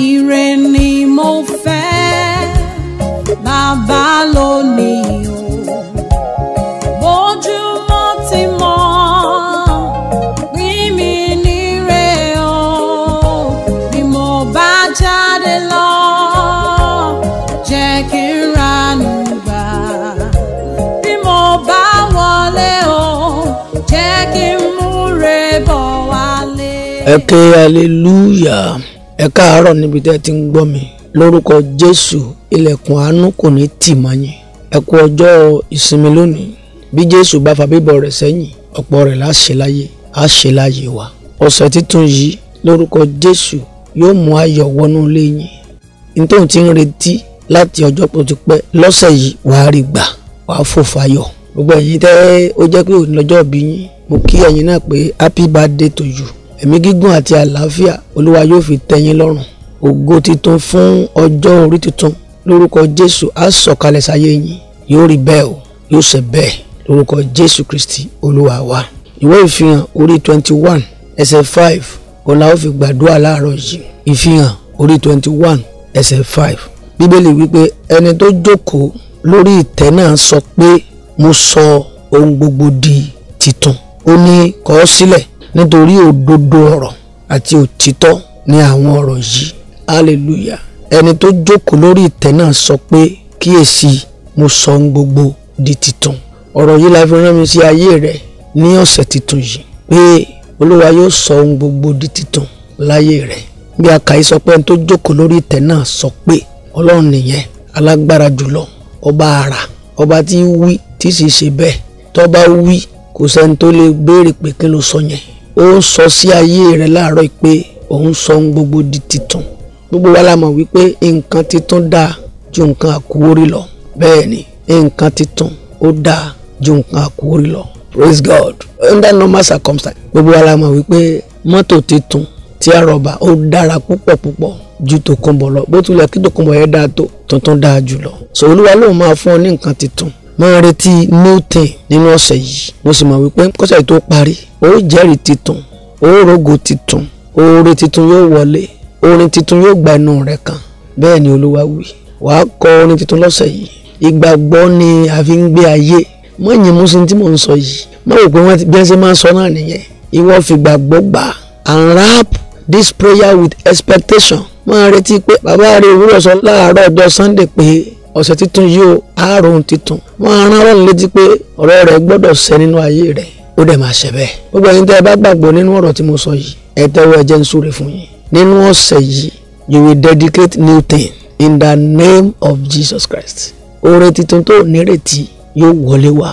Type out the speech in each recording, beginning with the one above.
Ire ni mo fẹ́ bàbá lónìí o. Bójúmọ́ ti mọ́ pín mi níre o. Bí mo bá jáde lọ, jẹ́ kí n ranú gbà. Bí mo bá wọlé o, jẹ́ kí n múre bọ̀ wálé. Ẹ ké hallelujah ẹ káàárọ̀ níbi tẹ́ ti ń gbọ́ mi lórúkọ jésù ilẹ̀kùn àánú kò ní tì mọ́ yín ẹ kú ọjọ́ ìsinmi lónìí bí jésù bá fa bíbọ̀ rẹ̀ sẹ́yìn ọ̀pọ̀ rẹ̀ la ṣe láyé á láyé wa ọ̀sẹ̀ títun yìí lórúkọ jésù yóò mú ayọ̀ wọnú ilé yín ní tóun ti ń retí láti ọjọ́ tó ti pẹ́ lọ́sẹ̀ yìí wàá rí gbà wàá fò fayọ̀ gbogbo ẹ̀yin tẹ́ ó jẹ́ pé òní lọ́jọ́ ìbí yín mo kí ẹ̀yin náà pé happy birthday to you ẹ̀mí gígùn àti àlàáfíà olúwa yóò fi tẹ́yìn lọ́rùn ògo titun fún ọjọ́ orí titun lórúkọ jésù á sọ̀kalẹ̀ sáyé yín yóò rí bẹ́ẹ̀ o yóò ṣe bẹ́ẹ̀ lórúkọ jésù kristi olúwa wa ìwé ìfihàn orí twenty one ẹsẹ̀ five òun la ó fi gbàdúrà láàárọ̀ yìí ìfihàn orí twenty one ẹsẹ̀ five bíbélì wípé ẹni tó jókòó lórí ìtẹ́ náà sọ pé mo sọ ohun gbogbo di titun ó ní kọ sílẹ̀ nítorí òdodo ọ̀rọ̀ àti òtítọ́ ni àwọn ọ̀rọ̀ yìí hallelujah ẹni tó jókòó lórí ìtẹ́ náà sọ pé kíyèsí mo sọ ohun gbogbo di titun ọ̀rọ̀ yìí la fi rán mi sí ayé rẹ ní ọ̀sẹ̀ titun yìí pé olúwa yóò sọ ohun gbogbo di titun láyé rẹ bí akàyí sọ pé ẹni tó jókòó lórí ìtẹ́ náà sọ pé ọlọ́run nìyẹn alágbára jùlọ ọba àrà ọba tí wí tí sì ṣe bẹ́ẹ̀ tó wí kò sẹ́ni tó lè béèrè pé kí ló sọ yẹn ó sọ sí ayé rẹ̀ láàárọ̀ pé òun sọ ohun gbogbo di titun gbogbo wa la mọ̀ wípé nǹkan titun dáa ju nǹkan àkúwórí lọ bẹ́ẹ̀ ni nǹkan titun ó dáa ju nǹkan àkúwórí lọ praise God under normal circumstances gbogbo wa la mọ̀ wípé mọ́tò titun tí a rọ̀bà ó dára púpọ̀ púpọ̀ ju tòkunbọ̀ lọ bó tilẹ̀ kí tòkunbọ̀ yẹn dáa tó tuntun dáa jù lọ sòwúlúwa lóun máa fún ọ ní nǹkan titun máa retí new nínú ọ̀sẹ̀ yìí mo sì mọ̀ wípé kọ́sẹ̀ tó parí ó jẹ́rìí titun ó rògo titun oore titun yóò wọlé orin titun yóò gba inú rẹ kan bẹ́ẹ̀ ni olúwa wí wàá kọ orin titun lọ́sẹ̀ yìí ìgbàgbọ́ ni a fi ń gbé ayé mọ́ ìyẹn mú sí tí mò ń sọ yìí mọ́ wò pé wọ́n bí wọ́n ṣe máa sọ náà nìyẹn ìwọ fìgbàgbọ́ gbà and wrap this prayer with expectation máa retí pé bàbá rẹ òwúrọ̀ sọ láàárọ̀ ọjọ́ Sunday pé ọ̀sẹ̀ titun yìí o àárò ohun titun wọ́n á rán ọlọ́run létí pé ọ̀rọ̀ rẹ̀ gbọ́dọ̀ ṣẹ nínú ayé rẹ̀ ó dẹ̀ máa ṣẹ bẹ́ẹ̀ gbogbo ẹ̀yin tẹ́ ẹ bá gbàgbọ́ nínú ọ̀rọ̀ tí mo sọ yìí ẹ tẹ́wọ́ ẹ jẹ́ ń súre fún yín nínú ọ̀sẹ̀ yìí you will dedicate new thing in the name of Jesus Christ oore titun tó nírètí yóò wọlé wá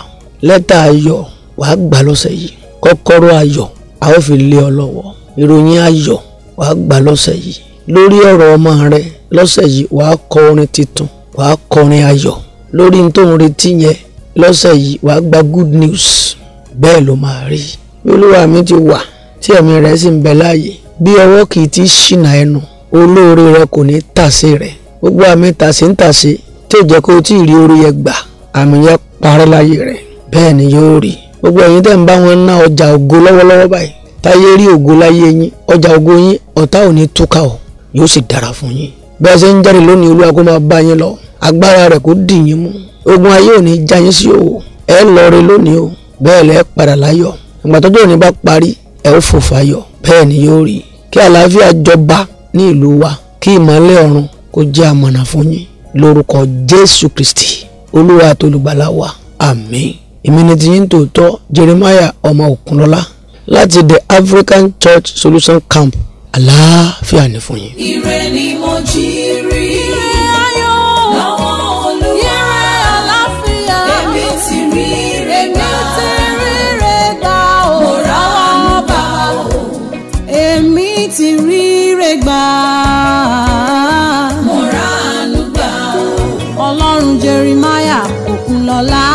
lẹ́tà ayọ̀ wàá gbà lọ́sẹ̀ yìí kọ́kọ́rọ́ ayọ̀ a ó fi lé ọ lọ́wọ́ ìròyìn ayọ̀ wàá gbà lọ́sẹ̀ yìí lórí ọ̀rọ̀ ọmọ rẹ lọ́sẹ̀ yìí wàá kọ orin titun wàá kọrin ayọ̀ lórí tó ń retí yẹn lọ́sẹ̀ yìí wàá gba good news bẹ́ẹ̀ ló máa rí bí olúwa mi ti wà tí ẹ̀mí rẹ̀ sì ń bẹ láàyè bí ọwọ́ kì í ti ṣìnà ẹnu olóore rẹ kò ní tàsé rẹ gbogbo àmì tàsé ń tàsé tí ò jẹ́ kó o tí ì rí orí yẹn gbà àmì yẹn parẹ́ láyé rẹ bẹ́ẹ̀ ni yóò rí gbogbo ẹ̀yin tẹ́ ń bá wọn ná ọjà ògo lọ́wọ́lọ́wọ́ báyìí táyé rí ògo láyé yín ọjà ògo yín ọ̀tá ò ní túkà o yóò sì dára fún yín bẹ́ẹ̀ ṣe ń jáde lónìí olúwa kó máa bá yín lọ agbára rẹ̀ kó dì yín mú ogun ayé ò ní já yín sí òwò ẹ lọre lónìí o bẹ́ẹ̀ lẹ́ padà láyọ̀ ìgbà òní bá parí ẹ ó fòfò ayọ̀ bẹ́ẹ̀ ni yóò rí kí àlàáfíà jọba ní ìlú wa kí ìmọ̀lẹ̀ ọ̀run kó jẹ́ àmọ̀nà fún yín lórúkọ Jésù Kristi olúwa àti wa àmín èmi ni yín tòótọ́ Jeremiah ọmọ Òkúnlọ́lá láti the African Church Solution Camp àlàáfíà ni fún yín. ire ni mo ti ríre gbà. mo ra àánú gbà ọlọ́run Jeremiah Òkunlọ́lá.